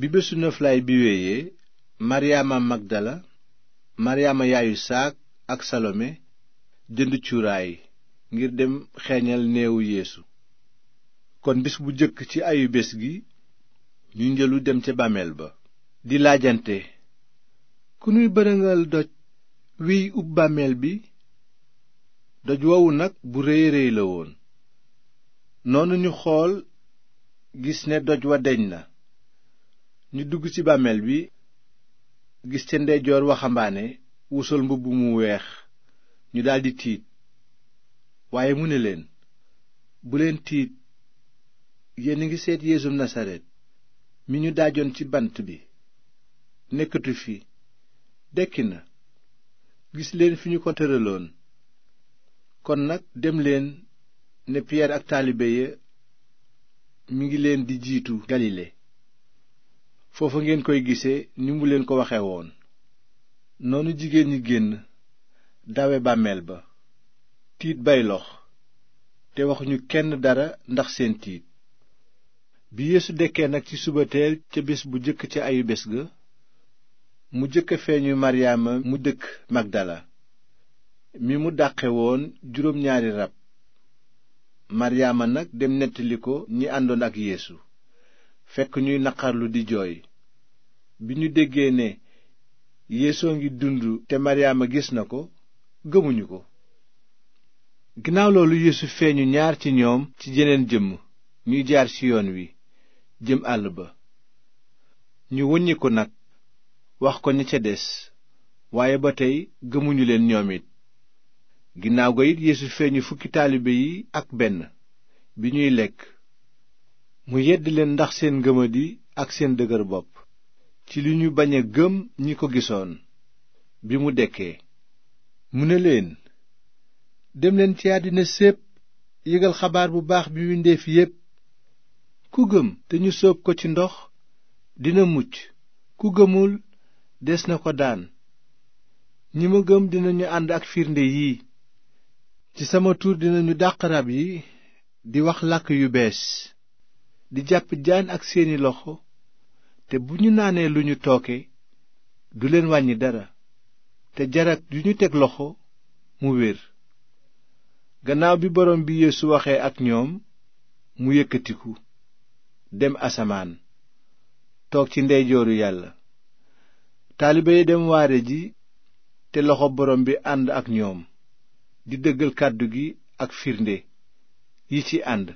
bi bésu noflaay bi wéyee maryaama magdala maryaama yaayu saak ak salome jënd cuuraay ngir dem xeeñal neewu yéesu kon bis bu jëkk ci ayu bés gi ñu njëlu dem ca bàmmeel ba di laajante ku nuy bërëngal doj wiy ub bàmmeel bi doj woowu nag bu réy réy la woon noonu ñu xool gis ne doj wa deñ na ñu dugg ci bàmmeel bi gis ca ndeyjoor waxambaane wu sol mbubb mu weex ñu daldi tiit waaye mu ne leen bu leen tiit yéen a ngi seet yeesu nasaret mi ñu daajoon ci bant bi nekkatu fi dekki na gis leen fi ñu ko tëraloon kon nag dem leen ne piyeer ak taalibe ya mi ngi leen di jiitu galile foofa ngeen koy gise ni mu leen ko waxe woon noonu jigéen ñi génn dawe bàmmeel ba tiit bay lox te waxuñu kenn dara ndax seen tiit bi yeesu dekkee nag ci suba teel ca bés bu jëkk ca ayu bés ga mu jëkk feeñu maryaama mu dëkk magdala mi mu dàqe woon juróom ñaari rab maryaama nag dem nettali ko ñi àndoon ak yéesu fekk ñuy naqarlu di jooy bi ñu déggee ne yeesoo ngi dund te maryaama gis na ko gëmuñu ko ginnaaw loolu yeesu feeñu ñaar ci ñoom ci jeneen jëmm ñuy jaar ci yoon wi jëm àll ba ñu wëññi nag wax ko ña ca des waaye ba tey gëmuñu leen ñoom it ginnaaw ga it feeñu fukki taalibe yi ak benn bi ñuy lekk mu yedd leen ndax seen ngëmadi ak seen dëgër bopp ci li ñu bañ a gëm ñi ko gisoon bi mu dekkee mu ne leen demleen ci àddina sépp yëgal xabaar bu baax bi windeef yépp ku gëm te ñu sóob ko ci ndox dina mucc ku gëmul des na ko daan ñi ma gëm dinañu ànd ak firnde yii ci sama tur dinañu dàq rab yi di wax làkk yu bees di jàpp jaan ak seeni loxo te bu ñu naanee lu ñu tooke du leen wàññi dara te jarak yu ñu teg loxo mu wér gannaaw bi borom bi yeesu waxee ak ñoom mu yëkkatiku dem asamaan toog ci ndeyjooru yàlla taalibe yi dem waare ji te loxo borom bi ànd ak ñoom di dëggal kàddu gi ak firnde yi ci ànd